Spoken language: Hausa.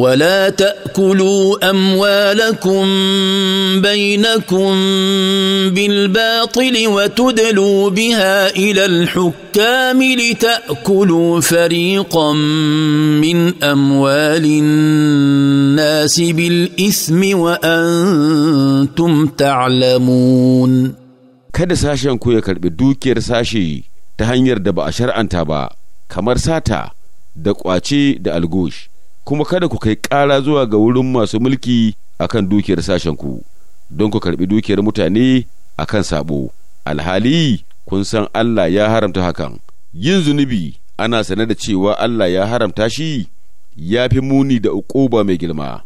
ولا تاكلوا اموالكم بينكم بالباطل وتدلوا بها الى الحكام لتاكلوا فريقا من اموال الناس بالاثم وانتم تعلمون kada sashen ku ya karɓi dukiyar sashe ta hanyar da ba a shar'anta ba kamar sata da ƙwace da algush kuma kada ku kai ƙara zuwa ga wurin masu mulki a kan dukiyar sashenku don ku karɓi dukiyar mutane a kan saɓo alhali kun san Allah ya haramta hakan yin zunubi ana sane da cewa Allah ya haramta shi ya fi muni da uƙuba mai girma